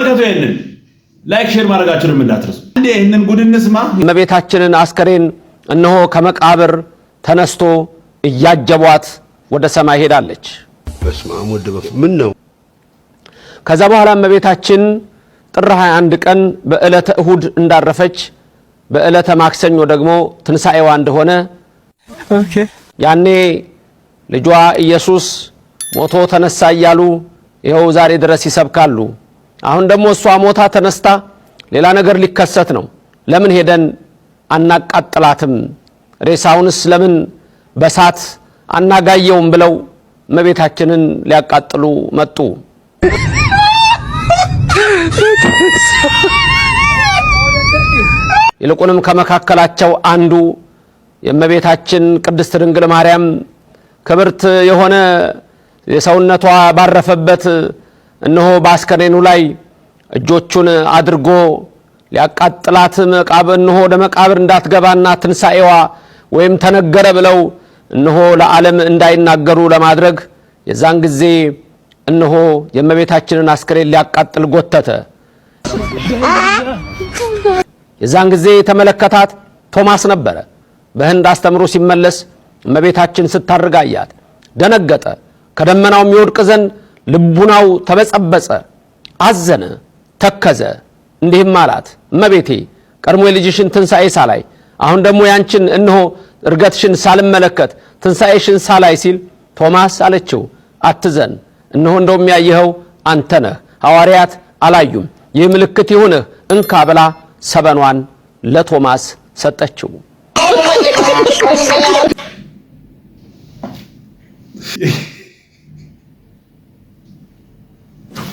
ተመልከቱ ይህንን ላይክ ሼር ማድረጋችሁንም እንዳትረሱ። እንዴ ይህንን ጉድ እንስማ። እመቤታችንን አስከሬን እነሆ ከመቃብር ተነስቶ እያጀቧት ወደ ሰማይ ሄዳለች። በስመ አብ ምን ነው? ከዛ በኋላ እመቤታችን ጥር 21 ቀን በዕለተ እሁድ እንዳረፈች በዕለተ ማክሰኞ ደግሞ ትንሣኤዋ እንደሆነ ያኔ ልጇ ኢየሱስ ሞቶ ተነሳ እያሉ ይኸው ዛሬ ድረስ ይሰብካሉ። አሁን ደግሞ እሷ ሞታ ተነስታ ሌላ ነገር ሊከሰት ነው። ለምን ሄደን አናቃጥላትም? ሬሳውንስ ለምን በሳት አናጋየውም? ብለው እመቤታችንን ሊያቃጥሉ መጡ። ይልቁንም ከመካከላቸው አንዱ የእመቤታችን ቅድስት ድንግል ማርያም ክብርት የሆነ የሰውነቷ ባረፈበት እነሆ በአስከሬኑ ላይ እጆቹን አድርጎ ሊያቃጥላት እነሆ ለመቃብር እንዳትገባና ትንሣኤዋ ወይም ተነገረ ብለው እነሆ ለዓለም እንዳይናገሩ ለማድረግ የዛን ጊዜ እነሆ የእመቤታችንን አስከሬን ሊያቃጥል ጎተተ። የዛን ጊዜ የተመለከታት ቶማስ ነበረ። በህንድ አስተምሮ ሲመለስ እመቤታችን ስታርጋያት ደነገጠ። ከደመናው የሚወድቅ ዘንድ ልቡናው ተበጸበጸ፣ አዘነ፣ ተከዘ። እንዲህም አላት እመቤቴ ቀድሞ የልጅሽን ትንሣኤ ሳላይ አሁን ደግሞ ያንቺን እነሆ እርገትሽን ሳልመለከት ትንሣኤሽን ሳላይ ሲል ቶማስ አለችው አትዘን፣ እነሆ እንደውም ያየኸው አንተ ነህ፣ ሐዋርያት አላዩም። ይህ ምልክት ይሁንህ እንካ ብላ ሰበኗን ለቶማስ ሰጠችው።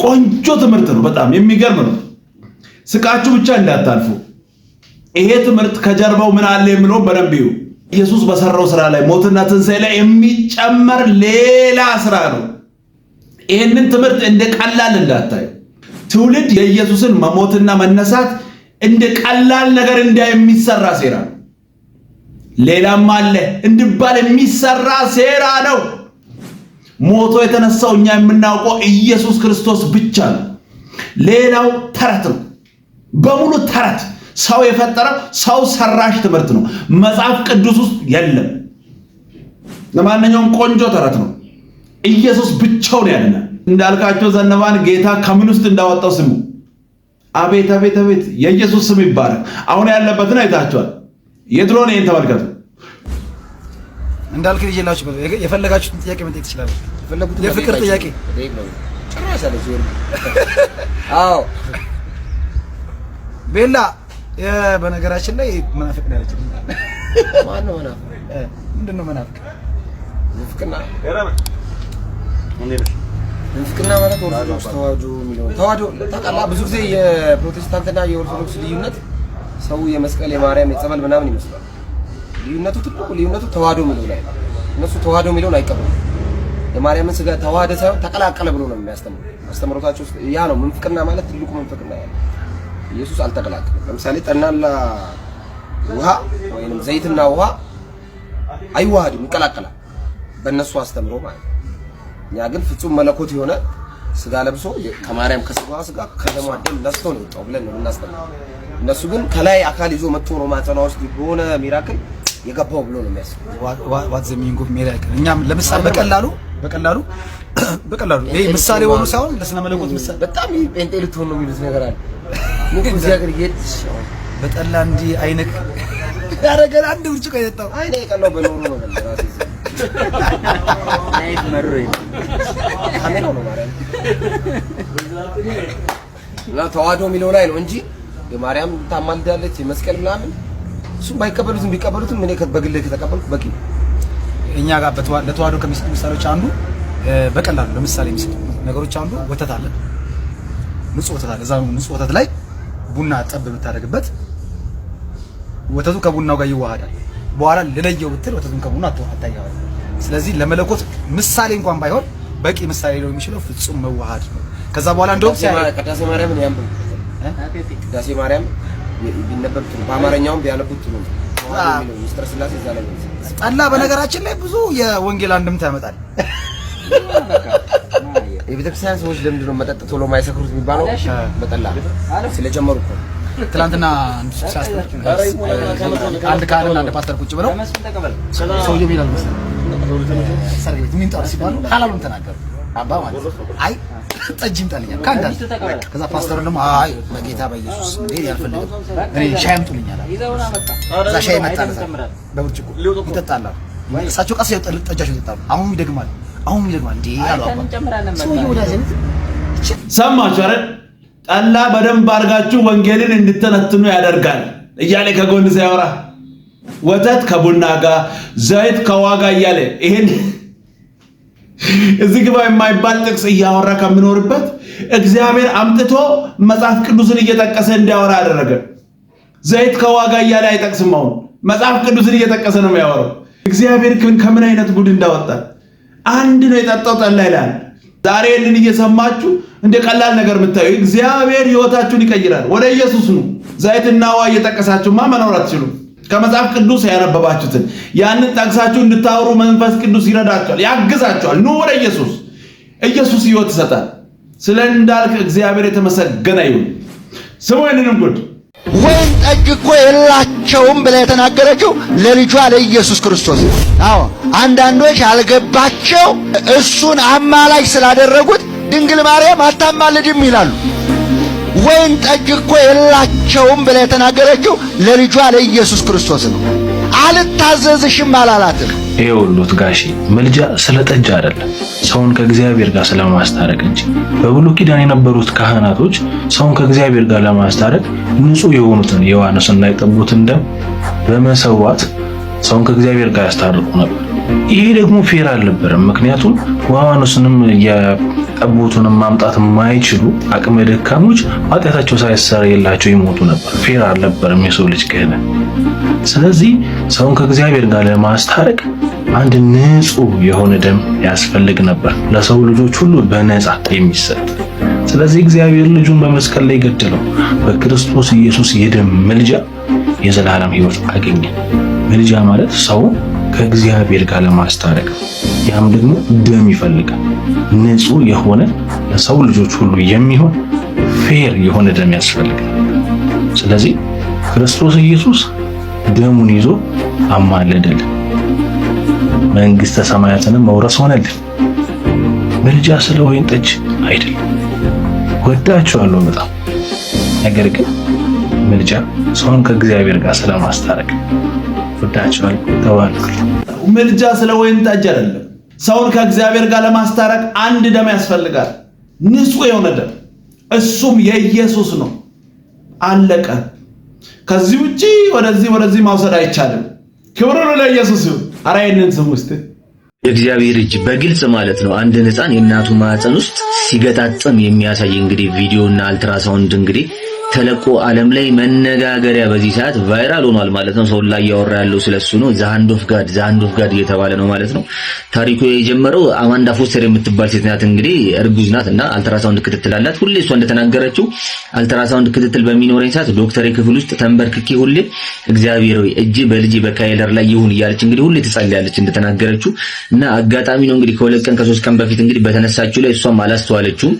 ቆንጆ ትምህርት ነው። በጣም የሚገርም ነው። ስቃችሁ ብቻ እንዳታልፉ። ይሄ ትምህርት ከጀርባው ምን አለ የምለው በደንብ ኢየሱስ በሰራው ስራ ላይ ሞትና ትንሣኤ ላይ የሚጨመር ሌላ ስራ ነው። ይህንን ትምህርት እንደ ቀላል እንዳታዩ። ትውልድ የኢየሱስን መሞትና መነሳት እንደ ቀላል ነገር እንዳይ የሚሰራ ሴራ ነው። ሌላም አለ እንድባል የሚሰራ ሴራ ነው። ሞቶ የተነሳው እኛ የምናውቀው ኢየሱስ ክርስቶስ ብቻ ነው። ሌላው ተረት ነው፣ በሙሉ ተረት። ሰው የፈጠረ ሰው ሰራሽ ትምህርት ነው፣ መጽሐፍ ቅዱስ ውስጥ የለም። ለማንኛውም ቆንጆ ተረት ነው። ኢየሱስ ብቻውን ያለ እንዳልካቸው ዘነባን ጌታ ከምን ውስጥ እንዳወጣው ስሙ። አቤት አቤት አቤት! የኢየሱስ ስም ይባረክ። አሁን ያለበትን አይታችኋል። የድሮን ይህን ተመልከቱ። እንዳልክ ልጅ የላችሁ የፈለጋችሁትን ጥያቄ መጠየቅ ትችላለህ። የፍቅር ጥያቄ አዎ። ቤላ በነገራችን ላይ መናፍቅ ነው ያለችው። ማነው መናፍቅ? ምንድን ነው መናፍቅ? ንፍቅና ንፍቅና ማለት ኦርቶዶክስ ተዋህዶ የሚለው ተዋህዶ ታውቃለህ። ብዙ ጊዜ የፕሮቴስታንትና የኦርቶዶክስ ልዩነት ሰው የመስቀል የማርያም የጸበል ምናምን ይመስላል። ልዩነቱ ትልቁ ልዩነቱ ተዋህዶ የሚለው ላይ እነሱ ተዋህዶ የሚለውን አይቀበሉ። የማርያምን ስጋ ተዋህደ ሳይሆን ተቀላቀለ ብሎ ነው የሚያስተምሩ። አስተምሮታቸው ያ ነው ምንፍቅና ማለት ትልቁ ምንፍቅና ያ ኢየሱስ አልተቀላቀለም። ለምሳሌ ጠናና ውሃ ወይንም ዘይትና ውሃ አይዋሃድም፣ ይቀላቀላል በእነሱ አስተምሮ ማለት ነው። እኛ ግን ፍጹም መለኮት የሆነ ስጋ ለብሶ ከማርያም ከስጋዋ ስጋ ከደሟ ደም ነስቶ ነው የወጣው ብለን ነው የምናስተምረው። እነሱ ግን ከላይ አካል ይዞ መጥቶ ነው ማህፀኗ ውስጥ ሚራክል የገባው ብሎ ነው የሚያስብ ዋት ዘ ሚኒንግ ኦፍ ሜሪ እኛም ለምሳሌ በቀላሉ በቀላሉ በቀላሉ ይሄ ምሳሌ ሆኖ ሳይሆን ለስነ መለኮት ምሳሌ በጣም ጴንጤ ልትሆን ነው የሚሉት ነገር አለ። በጠላ እንዲህ አይነት ያደረገን አንድ ብርጭቆ የጠጣው አይኔ የቀላው በኖሩ ነው። ተዋህዶ የሚለው ላይ ነው እንጂ የማርያም ታማልዳለች የመስቀል ምናምን እሱም ባይቀበሉትም ቢቀበሉትም እኔ በግል ከተቀበልኩ በቂ። እኛ ጋር ለተዋህዶ ከሚሰጡ ምሳሌዎች አንዱ በቀላሉ ለምሳሌ የሚሰጡ ነገሮች አንዱ ወተት አለ፣ ንጹህ ወተት አለ። እዛ ንጹህ ወተት ላይ ቡና ጠብ የምታደርግበት ወተቱ ከቡናው ጋር ይዋሃዳል። በኋላ ልለየው ብትል ወተቱን ከቡና አታያዋል። ስለዚህ ለመለኮት ምሳሌ እንኳን ባይሆን በቂ ምሳሌ ነው የሚችለው ፍጹም መዋሃድ ነው። ከዛ በኋላ እንደውም ቅዳሴ ማርያምን ያንብብ ቅዳሴ ማርያም ቢነበብ ጥሩ፣ በአማርኛውም ቢያነቡት ጥሩ ነው። ሚስጥረ ስላሴ እዛ ላይ ጠላ በነገራችን ላይ ብዙ የወንጌል አንድምታ ያመጣል። የቤተክርስቲያን ሰዎች ለምንድን ነው መጠጥ ቶሎ ማይሰክሩት የሚባለው? በጠላ ስለጀመሩ እኮ ትላንትና አንድ ካህንና አንድ ፓስተር ቁጭ ብለው ሰውየው ይላል መሰለኝ ሰርግ ቤት የሚንጠሩ ሲባሉ ሀላሉን ተናገሩ። አባ ማለት አይ ጠጅ ይምጣልኛል ካንዳል። ከዛ ፓስተሩ ደግሞ አይ በጌታ በኢየሱስ እንዴ ያልፈልግም እኔ ሻይ አምጡልኛል። ከዛ ሻይ መጣለታ በብርጭቆ ይጠጣላል። እሳቸው ቀስ ጠጃቸው ይጠጣሉ። አሁን ይደግማል፣ አሁን ይደግማል። እንዴ ያሉ ሰማችሁ አይደል? ጠላ በደንብ አድርጋችሁ ወንጌልን እንድተነትኑ ያደርጋል እያለ ከጎን ሲያወራ ወተት ከቡና ጋር ዘይት ከዋጋ እያለ ይሄን እዚህ ግባ የማይባል ጥቅስ እያወራ ከምኖርበት እግዚአብሔር አምጥቶ መጽሐፍ ቅዱስን እየጠቀሰ እንዲያወራ አደረገ። ዘይት ከዋጋ እያለ አይጠቅስም። አሁን መጽሐፍ ቅዱስን እየጠቀሰ ነው የሚያወራው። እግዚአብሔር ግን ከምን አይነት ጉድ እንዳወጣ አንድ ነው የጠጣው ጠላ ይላል። ዛሬ ይህንን እየሰማችሁ እንደ ቀላል ነገር የምታዩ እግዚአብሔር ሕይወታችሁን ይቀይራል። ወደ ኢየሱስ ነው ዘይትና ውሃ እየጠቀሳችሁማ መኖር አትችሉም። ከመጽሐፍ ቅዱስ ያነበባችሁትን ያንን ጠቅሳችሁ እንድታወሩ መንፈስ ቅዱስ ይረዳችኋል፣ ያግዛችኋል። ኑ ወደ ኢየሱስ። ኢየሱስ ሕይወት ይሰጣል። ስለ እንዳልክ እግዚአብሔር የተመሰገነ ይሁን። ስሙ ይህንንም ጉድ ወይን ጠጅ እኮ የላቸውም ብላ የተናገረችው ለልጇ ለኢየሱስ ክርስቶስ። አዎ አንዳንዶች ያልገባቸው እሱን አማላጅ ስላደረጉት ድንግል ማርያም አታማልድም ይላሉ። ወይን ጠጅ እኮ የላቸውም ብላ የተናገረችው ለልጇ ለኢየሱስ ክርስቶስ ነው። አልታዘዝሽም አላላትም። ይሄ ሁሉት መልጃ ምልጃ ስለ ጠጅ አይደለም፣ ሰውን ከእግዚአብሔር ጋር ስለማስታረቅ እንጂ በብሉ ኪዳን የነበሩት ካህናቶች ሰውን ከእግዚአብሔር ጋር ለማስታረቅ ንጹህ የሆኑትን የዋኖስና የጠቦትን ደም በመሰዋት ሰውን ከእግዚአብሔር ጋር ያስታርቁ ነበር። ይሄ ደግሞ ፌር አልነበረም። ምክንያቱም ዋኖስንም ጠቦቱን ማምጣት የማይችሉ አቅመ ደካሞች ኃጢአታቸው ሳይሰራ የላቸው ይሞቱ ነበር። ፌር አልነበረም የሰው ልጅ ክህነት። ስለዚህ ሰውን ከእግዚአብሔር ጋር ለማስታረቅ አንድ ንጹህ የሆነ ደም ያስፈልግ ነበር፣ ለሰው ልጆች ሁሉ በነጻ የሚሰጥ። ስለዚህ እግዚአብሔር ልጁን በመስቀል ላይ ገደለው። በክርስቶስ ኢየሱስ የደም ምልጃ የዘላለም ሕይወት አገኘ። ምልጃ ማለት ሰው ከእግዚአብሔር ጋር ለማስታረቅ ነው። ያም ደግሞ ደም ይፈልጋል። ንጹህ የሆነ ለሰው ልጆች ሁሉ የሚሆን ፌር የሆነ ደም ያስፈልጋል። ስለዚህ ክርስቶስ ኢየሱስ ደሙን ይዞ አማለደልን፣ መንግሥተ ሰማያትንም መውረስ ሆነልን። ምልጃ ስለ ወይን ጠጅ አይደለም። ወዳችኋለሁ በጣም ነገር ግን ምልጃ ሰውን ከእግዚአብሔር ጋር ስለማስታረቅ ወዳችኋለሁ ተባልኩ። ምልጃ ስለ ወይን ጠጅ አይደለም። ሰውን ከእግዚአብሔር ጋር ለማስታረቅ አንድ ደም ያስፈልጋል። ንጹህ የሆነ ደም እሱም የኢየሱስ ነው። አለቀ። ከዚህ ውጪ ወደዚህ ወደዚህ ማውሰድ አይቻልም። ክብር ለኢየሱስ ይሁን። ኧረ ይህንን ስም ውስጥ የእግዚአብሔር እጅ በግልጽ ማለት ነው አንድን ህፃን የእናቱ ማዕፀን ውስጥ ሲገጣጥም የሚያሳይ እንግዲህ ቪዲዮና አልትራሳውንድ እንግዲህ ተለቆ ዓለም ላይ መነጋገሪያ በዚህ ሰዓት ቫይራል ሆኗል ማለት ነው። ሰው ላይ እያወራ ያለው ስለሱ ነው። ዛንድ ኦፍ ጋድ ዛንድ ኦፍ ጋድ እየተባለ ነው ማለት ነው። ታሪኩ የጀመረው አማንዳ ፎስተር የምትባል ሴት ናት። እንግዲህ እርጉዝ ናት እና አልትራሳውንድ ክትትል አላት። ሁሌ እሷ እንደተናገረችው አልትራሳውንድ ክትትል በሚኖረኝ ሰዓት ዶክተር ክፍል ውስጥ ተንበርክኬ ሁሌ እግዚአብሔር ወይ እጅ በልጅ በካይለር ላይ ይሁን እያለች እንግዲህ ሁሌ ትጸልያለች እንደተናገረችው እና አጋጣሚ ነው እንግዲህ ከሁለት ቀን ከሶስት ቀን በፊት እንግዲህ በተነሳችው ላይ እሷም አላስተዋለችውም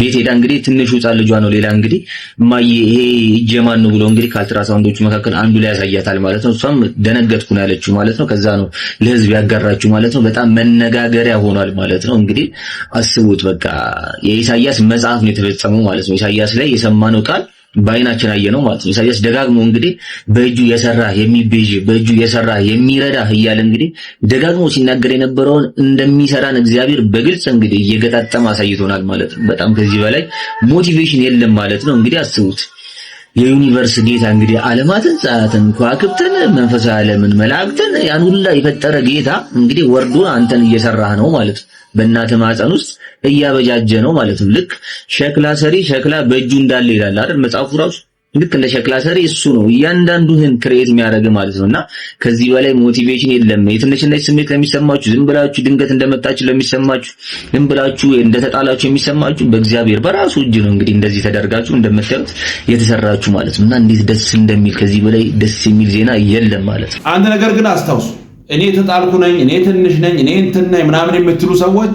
ቤት ሄዳ እንግዲህ ትንሹ ህፃን ልጇ ነው። ሌላ እንግዲህ እማዬ ይሄ እጀማን ነው ብሎ እንግዲህ ከአልትራሳውንዶቹ መካከል አንዱ ላይ ያሳያታል ማለት ነው። እሷም ደነገጥኩ ነው ያለችው ማለት ነው። ከዛ ነው ለህዝብ ያጋራችው ማለት ነው። በጣም መነጋገሪያ ሆኗል ማለት ነው። እንግዲህ አስቡት በቃ የኢሳያስ መጽሐፍ ነው የተፈጸመው ማለት ነው። ኢሳያስ ላይ የሰማነው ቃል በአይናችን አየ ነው ማለት ነው። ኢሳያስ ደጋግሞ እንግዲህ በእጁ የሰራ የሚቤዥ በእጁ የሰራ የሚረዳ እያለ እንግዲህ ደጋግሞ ሲናገር የነበረውን እንደሚሰራን እግዚአብሔር በግልጽ እንግዲህ እየገጣጠመ አሳይቶናል ማለት ነው። በጣም ከዚህ በላይ ሞቲቬሽን የለም ማለት ነው። እንግዲህ አስቡት የዩኒቨርስ ጌታ እንግዲህ ዓለማትን፣ ፀሐያትን፣ ከዋክብትን፣ መንፈሳዊ ዓለምን፣ መላእክትን ያን ሁላ የፈጠረ ጌታ እንግዲህ ወርዶ አንተን እየሰራህ ነው ማለት ነው። በእናት ማህፀን ውስጥ እያበጃጀ ነው ማለት ነው። ልክ ሸክላ ሰሪ ሸክላ በእጁ እንዳለ ይላል አይደል መጽሐፉ ራሱ። ልክ እንደ ሸክላ ሰሪ እሱ ነው እያንዳንዱህን ክሬት የሚያደርግ ማለት ነውና ከዚህ በላይ ሞቲቬሽን የለም። የትንሽነት ስሜት ለሚሰማችሁ ዝም ብላችሁ ድንገት እንደመጣችሁ ለሚሰማችሁ ዝም ብላችሁ እንደተጣላችሁ የሚሰማችሁ በእግዚአብሔር በራሱ እጅ ነው። እንግዲህ እንደዚህ ተደርጋችሁ እንደምታዩት የተሰራችሁ ማለት ነውና እንዴት ደስ እንደሚል ከዚህ በላይ ደስ የሚል ዜና የለም ማለት ነው። አንድ ነገር ግን አስታውሱ እኔ የተጣልኩ ነኝ፣ እኔ ትንሽ ነኝ፣ እኔ እንትን ነኝ ምናምን የምትሉ ሰዎች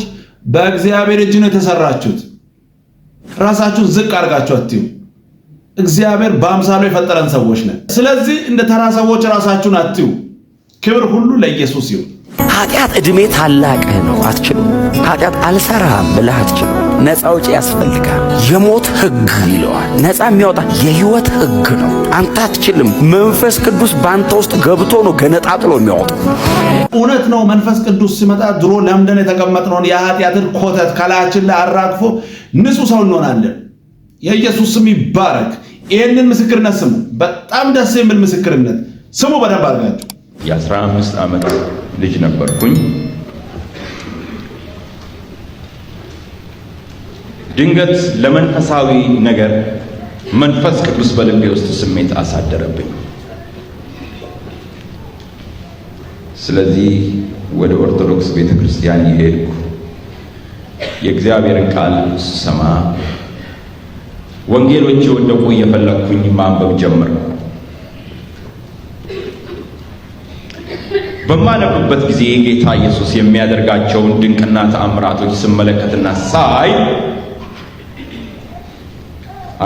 በእግዚአብሔር እጅ ነው የተሰራችሁት። ራሳችሁን ዝቅ አድርጋችሁ አትዩ። እግዚአብሔር በአምሳሉ የፈጠረን ሰዎች ነን። ስለዚህ እንደ ተራ ሰዎች ራሳችሁን አትዩ። ክብር ሁሉ ለኢየሱስ ይሁን። ኃጢአት ዕድሜ ታላቅህ ነው፣ አትችልም። ኃጢአት አልሰራም ብለህ አትችልም። ነፃ ውጪ ያስፈልጋል። የሞት ህግ ይለዋል። ነፃ የሚያወጣ የህይወት ህግ ነው። አንተ አትችልም። መንፈስ ቅዱስ በአንተ ውስጥ ገብቶ ነው ገነጣጥሎ የሚያወጣው። እውነት ነው። መንፈስ ቅዱስ ሲመጣ ድሮ ለምደን የተቀመጥነውን የኃጢአትን ኮተት ከላያችን ላይ አራግፎ ንጹህ ሰው እንሆናለን። የኢየሱስ ስም ይባረክ። ይህንን ምስክርነት ስሙ። በጣም ደስ የሚል ምስክርነት ስሙ። በደንብ አድርጋችሁ የ15 ዓመት ልጅ ነበርኩኝ ድንገት ለመንፈሳዊ ነገር መንፈስ ቅዱስ በልቤ ውስጥ ስሜት አሳደረብኝ። ስለዚህ ወደ ኦርቶዶክስ ቤተ ክርስቲያን የሄድኩ የእግዚአብሔርን ቃል ስሰማ ወንጌሎች የወደቁ እየፈለግኩኝ ማንበብ ጀመርኩ። በማነብበት ጊዜ ጌታ ኢየሱስ የሚያደርጋቸውን ድንቅና ተአምራቶች ስመለከትና ሳይ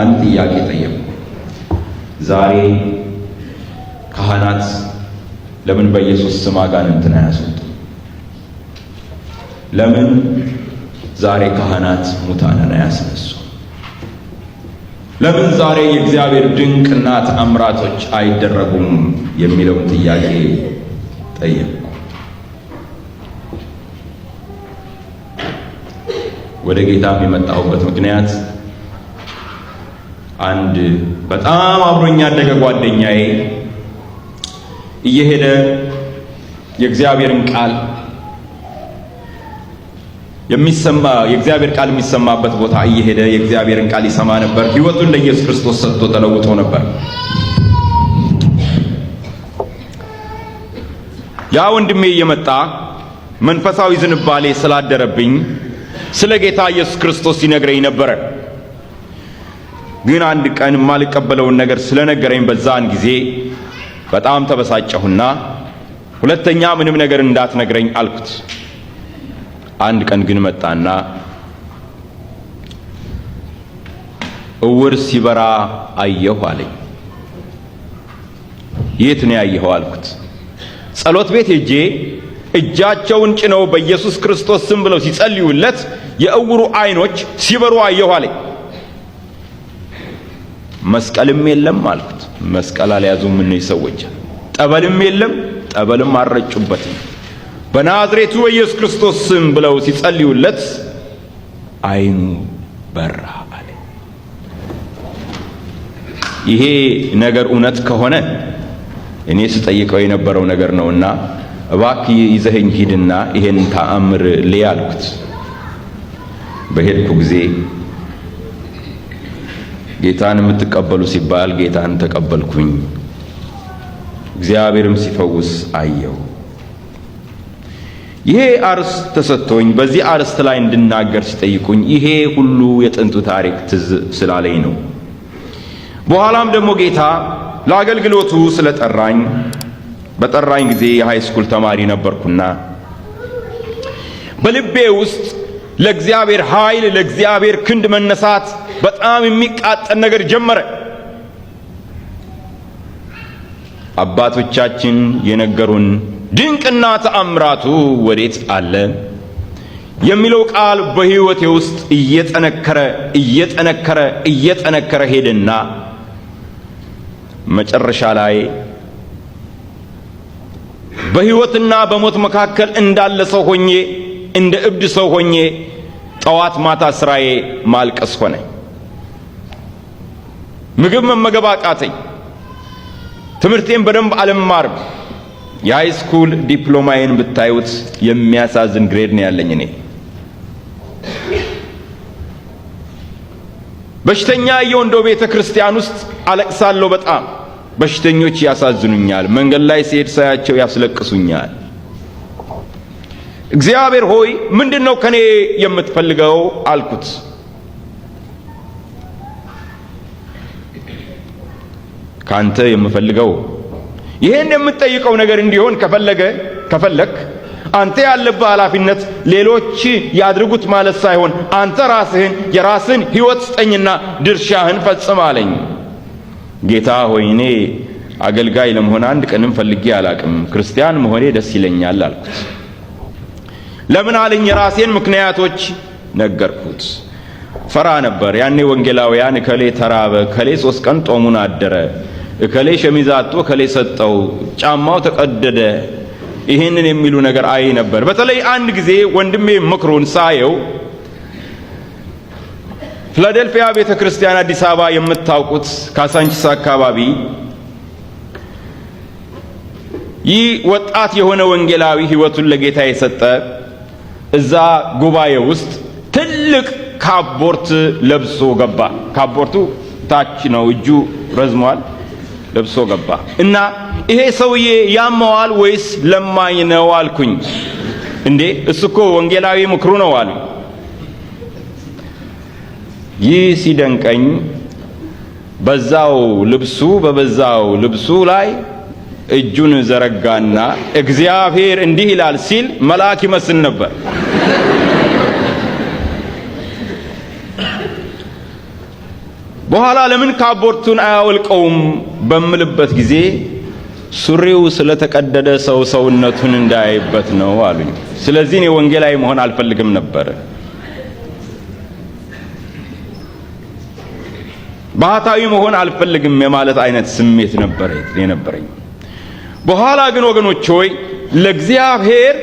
አንድ ጥያቄ ጠየቁ። ዛሬ ካህናት ለምን በኢየሱስ ስም አጋንንትን አያስወጡ? ለምን ዛሬ ካህናት ሙታንን አያስነሱ? ለምን ዛሬ የእግዚአብሔር ድንቅና ተአምራቶች አይደረጉም የሚለውን ጥያቄ ጠየቁ። ወደ ጌታም የመጣሁበት ምክንያት አንድ በጣም አብሮኛ ያደገ ጓደኛዬ እየሄደ የእግዚአብሔርን ቃል የሚሰማ የእግዚአብሔር ቃል የሚሰማበት ቦታ እየሄደ የእግዚአብሔርን ቃል ይሰማ ነበር። ህይወቱን ለኢየሱስ ክርስቶስ ሰጥቶ ተለውጦ ነበር። ያ ወንድሜ እየመጣ መንፈሳዊ ዝንባሌ ስላደረብኝ ስለ ጌታ ኢየሱስ ክርስቶስ ይነግረኝ ነበረ። ግን አንድ ቀን የማልቀበለውን ነገር ስለነገረኝ በዛን ጊዜ በጣም ተበሳጨሁና ሁለተኛ ምንም ነገር እንዳትነግረኝ አልኩት። አንድ ቀን ግን መጣና እውር ሲበራ አየሁ አለኝ። የት ነው ያየኸው? አልኩት። ጸሎት ቤት ሄጄ እጃቸውን ጭነው በኢየሱስ ክርስቶስ ስም ብለው ሲጸልዩለት የእውሩ አይኖች ሲበሩ አየሁ አለኝ። መስቀልም የለም አልኩት። መስቀል አልያዙም እነዚህ ሰዎች። ጠበልም የለም ጠበልም አረጩበት በናዝሬቱ በኢየሱስ ክርስቶስ ስም ብለው ሲጸልዩለት አይኑ በራ አለ። ይሄ ነገር እውነት ከሆነ እኔ ስጠይቀው የነበረው ነገር ነውና እባክህ ይዘኸኝ ሂድና ይሄን ተአምር ልይ አልኩት። በሄድኩ ጊዜ ጌታን የምትቀበሉ ሲባል ጌታን ተቀበልኩኝ፣ እግዚአብሔርም ሲፈውስ አየሁ። ይሄ አርዕስት ተሰጥቶኝ በዚህ አርዕስት ላይ እንድናገር ሲጠይቁኝ ይሄ ሁሉ የጥንቱ ታሪክ ትዝ ስላለኝ ነው። በኋላም ደግሞ ጌታ ለአገልግሎቱ ስለጠራኝ በጠራኝ ጊዜ የሃይስኩል ተማሪ ነበርኩና በልቤ ውስጥ ለእግዚአብሔር ኃይል ለእግዚአብሔር ክንድ መነሳት በጣም የሚቃጠል ነገር ጀመረ። አባቶቻችን የነገሩን ድንቅና ተአምራቱ ወዴት አለ የሚለው ቃል በሕይወቴ ውስጥ እየጠነከረ እየጠነከረ እየጠነከረ ሄደና መጨረሻ ላይ በሕይወትና በሞት መካከል እንዳለ ሰው ሆኜ እንደ እብድ ሰው ሆኜ ጠዋት ማታ ስራዬ ማልቀስ ሆነ። ምግብ መመገብ አቃተኝ። ትምህርቴን በደንብ አልማርም። የሃይስኩል ዲፕሎማዬን ብታዩት የሚያሳዝን ግሬድ ነው ያለኝ። እኔ በሽተኛ የወንዶ ቤተ ክርስቲያን ውስጥ አለቅሳለሁ። በጣም በሽተኞች ያሳዝኑኛል። መንገድ ላይ ስሄድ ሳያቸው ያስለቅሱኛል። እግዚአብሔር ሆይ ምንድን ነው ከኔ የምትፈልገው አልኩት። ካንተ የምፈልገው ይህን የምትጠይቀው ነገር እንዲሆን ከፈለገ ከፈለክ አንተ ያለብህ ኃላፊነት ሌሎች ያድርጉት ማለት ሳይሆን አንተ ራስህን የራስህን ሕይወት ስጠኝና ድርሻህን ፈጽም አለኝ። ጌታ ሆይ እኔ አገልጋይ ለመሆን አንድ ቀንም ፈልጌ አላቅም፣ ክርስቲያን መሆኔ ደስ ይለኛል አልኩት። ለምን አለኝ። የራሴን ምክንያቶች ነገርኩት። ፈራ ነበር ያኔ። ወንጌላውያን ከሌ ተራበ፣ ከሌ ሶስት ቀን ጦሙን አደረ እከሌ ሸሚዝ አጥቶ እከሌ ሰጠው፣ ጫማው ተቀደደ፣ ይህንን የሚሉ ነገር አይ ነበር። በተለይ አንድ ጊዜ ወንድሜ ምክሩን ሳየው ፍላደልፊያ ቤተ ክርስቲያን አዲስ አበባ የምታውቁት ካሳንቺስ አካባቢ ይህ ወጣት የሆነ ወንጌላዊ ሕይወቱን ለጌታ የሰጠ እዛ ጉባኤ ውስጥ ትልቅ ካቦርት ለብሶ ገባ። ካቦርቱ ታች ነው፣ እጁ ረዝሟል። ለብሶ ገባ እና ይሄ ሰውዬ ያመዋል ወይስ ለማኝ ነው አልኩኝ። እንዴ እሱ እኮ ወንጌላዊ ምክሩ ነው አሉ። ይህ ሲደንቀኝ በዛው ልብሱ በበዛው ልብሱ ላይ እጁን ዘረጋና እግዚአብሔር እንዲህ ይላል ሲል መልአክ ይመስል ነበር። በኋላ ለምን ካቦርቱን አያወልቀውም በምልበት ጊዜ ሱሪው ስለተቀደደ ሰው ሰውነቱን እንዳያይበት ነው አሉኝ። ስለዚህ እኔ ወንጌላዊ መሆን አልፈልግም ነበር። ባህታዊ መሆን አልፈልግም የማለት አይነት ስሜት ነበር የነበረኝ። በኋላ ግን ወገኖች ሆይ ለእግዚአብሔር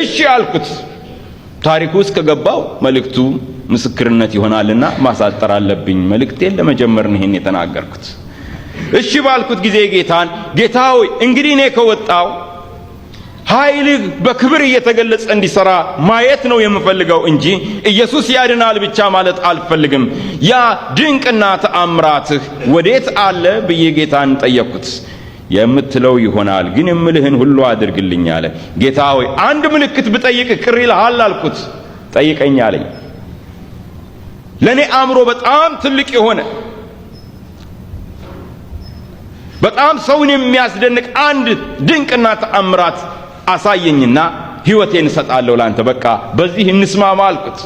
እሺ አልኩት። ታሪኩ ውስጥ ከገባው መልእክቱ ምስክርነት ይሆናልና ማሳጠር አለብኝ። መልእክቴን ለመጀመር ነው ይሄን የተናገርኩት። እሺ ባልኩት ጊዜ ጌታን ጌታ ሆይ እንግዲህ እኔ ከወጣው ኃይልህ በክብር እየተገለጸ እንዲሰራ ማየት ነው የምፈልገው እንጂ ኢየሱስ ያድናል ብቻ ማለት አልፈልግም። ያ ድንቅና ተአምራትህ ወዴት አለ ብዬ ጌታን ጠየቅኩት። የምትለው ይሆናል ግን የምልህን ሁሉ አድርግልኝ አለ። ጌታ ሆይ አንድ ምልክት ብጠይቅህ ቅር ይልሃል አልኩት። ጠይቀኝ አለኝ። ለእኔ አእምሮ በጣም ትልቅ የሆነ በጣም ሰውን የሚያስደንቅ አንድ ድንቅና ተአምራት አሳየኝና ህይወቴን እሰጣለሁ ላንተ፣ በቃ በዚህ እንስማማ አልኩት።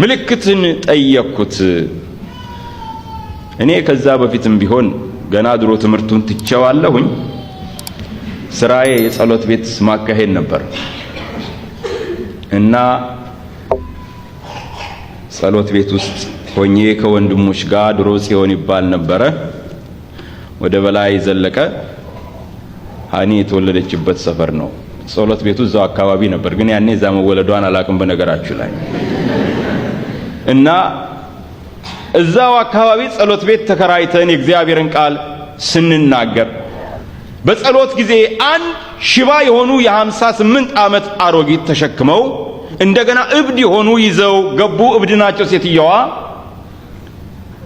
ምልክትን ጠየቅኩት። እኔ ከዛ በፊትም ቢሆን ገና ድሮ ትምህርቱን ትቸዋለሁኝ። ስራዬ የጸሎት ቤት ማካሄድ ነበር እና ጸሎት ቤት ውስጥ ሆኜ ከወንድሞች ጋር ድሮ ጽዮን ይባል ነበረ ወደ በላይ ዘለቀ ሀኒ የተወለደችበት ሰፈር ነው። ጸሎት ቤቱ እዛው አካባቢ ነበር፣ ግን ያኔ እዛ መወለዷን አላቅም በነገራችሁ ላይ እና እዛው አካባቢ ጸሎት ቤት ተከራይተን የእግዚአብሔርን ቃል ስንናገር በጸሎት ጊዜ አንድ ሽባ የሆኑ የ58 ዓመት አሮጊት ተሸክመው እንደገና እብድ የሆኑ ይዘው ገቡ። እብድ ናቸው። ሴትየዋ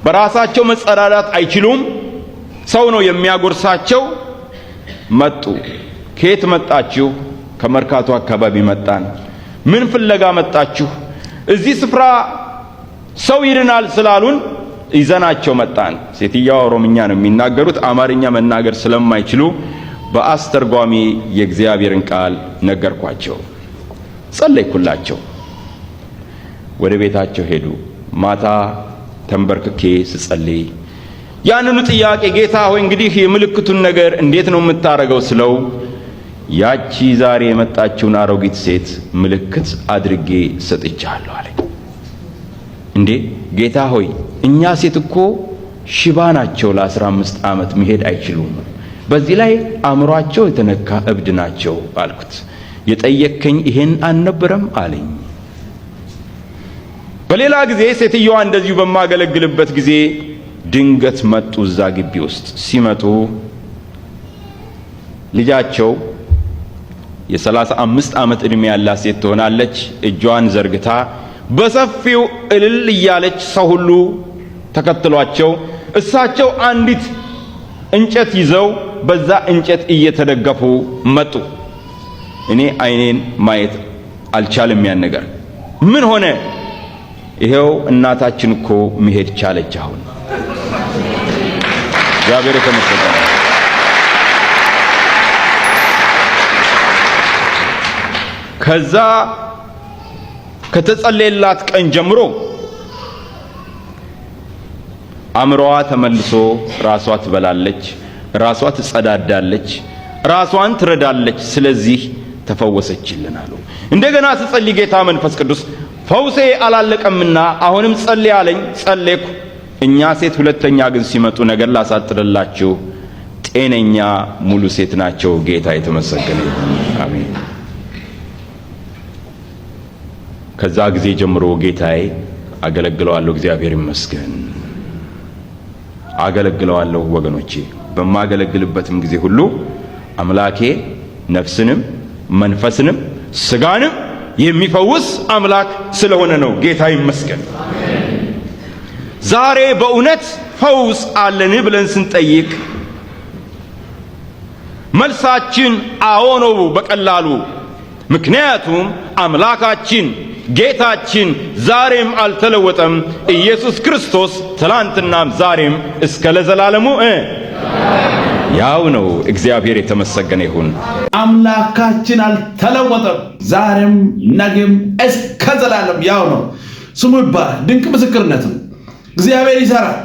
በራሳቸው መጸዳዳት አይችሉም። ሰው ነው የሚያጎርሳቸው። መጡ። ከየት መጣችሁ? ከመርካቶ አካባቢ መጣን። ምን ፍለጋ መጣችሁ? እዚህ ስፍራ ሰው ይድናል ስላሉን ይዘናቸው መጣን። ሴትየዋ ኦሮምኛ ነው የሚናገሩት። አማርኛ መናገር ስለማይችሉ በአስተርጓሚ የእግዚአብሔርን ቃል ነገርኳቸው። ጸለይኩላቸው። ወደ ቤታቸው ሄዱ። ማታ ተንበርክኬ ስጸልይ ያንኑ ጥያቄ ጌታ ሆይ እንግዲህ የምልክቱን ነገር እንዴት ነው የምታረገው ስለው ያቺ ዛሬ የመጣችውን አሮጊት ሴት ምልክት አድርጌ ሰጥቻለሁ አለ። እንዴ ጌታ ሆይ እኛ ሴት እኮ ሽባ ናቸው፣ ለ አምስት ዓመት መሄድ አይችሉም። በዚህ ላይ አእምሯቸው የተነካ እብድ ናቸው አልኩት። የጠየከኝ ይሄን አልነበረም አለኝ። በሌላ ጊዜ ሴትየዋ እንደዚሁ በማገለግልበት ጊዜ ድንገት መጡ። እዛ ግቢ ውስጥ ሲመጡ ልጃቸው የሰላሳ አምስት ዓመት ዕድሜ ያላት ሴት ትሆናለች። እጇን ዘርግታ በሰፊው እልል እያለች ሰው ሁሉ ተከትሏቸው፣ እሳቸው አንዲት እንጨት ይዘው በዛ እንጨት እየተደገፉ መጡ። እኔ አይኔን ማየት አልቻለም። ያን ነገር ምን ሆነ? ይሄው እናታችን እኮ መሄድ ቻለች። አሁን እግዚአብሔር የተመሰገነ ከዛ ከተጸለየላት ቀን ጀምሮ አእምሮዋ ተመልሶ ራሷ ትበላለች፣ ራሷ ትጸዳዳለች፣ ራሷን ትረዳለች። ስለዚህ ተፈወሰችልን አሉ። እንደገና ስጸልይ ጌታ መንፈስ ቅዱስ ፈውሴ አላለቀምና አሁንም ጸልይ አለኝ። ጸለይኩ። እኛ ሴት ሁለተኛ ግን ሲመጡ ነገር ላሳጥርላችሁ፣ ጤነኛ ሙሉ ሴት ናቸው። ጌታ የተመሰገነ ይሁን። አሜን። ከዛ ጊዜ ጀምሮ ጌታዬ አገለግለዋለሁ። እግዚአብሔር ይመስገን አገለግለዋለሁ ወገኖቼ። በማገለግልበትም ጊዜ ሁሉ አምላኬ ነፍስንም መንፈስንም ስጋንም የሚፈውስ አምላክ ስለሆነ ነው። ጌታ ይመስገን። ዛሬ በእውነት ፈውስ አለን ብለን ስንጠይቅ መልሳችን አዎ ነው በቀላሉ። ምክንያቱም አምላካችን ጌታችን ዛሬም አልተለወጠም። ኢየሱስ ክርስቶስ ትላንትናም ዛሬም እስከ ለዘላለሙ ያው ነው። እግዚአብሔር የተመሰገነ ይሁን። አምላካችን አልተለወጠም። ዛሬም ነገም እስከ ዘላለም ያው ነው። ስሙ ይባላል። ድንቅ ምስክርነት ነው። እግዚአብሔር ይሰራል።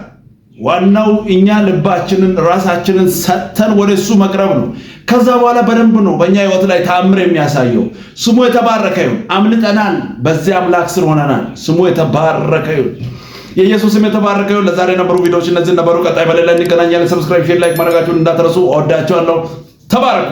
ዋናው እኛ ልባችንን ራሳችንን ሰጥተን ወደ እሱ መቅረብ ነው። ከዛ በኋላ በደንብ ነው በእኛ ህይወት ላይ ተአምር የሚያሳየው። ስሙ የተባረከ ይሁን። አምልጠናል። በዚያ አምላክ ስር ሆነናል። ስሙ የተባረከ ይሁን። የኢየሱስም የተባረከ ይሁን። ለዛሬ የነበሩ ቪዲዮዎች እነዚህ ነበሩ። ቀጣይ በሌላ እንገናኛለን። ሰብስክራይብ፣ ሼር፣ ላይክ ማድረጋችሁን እንዳትረሱ። እወዳችኋለሁ። ተባረኩ።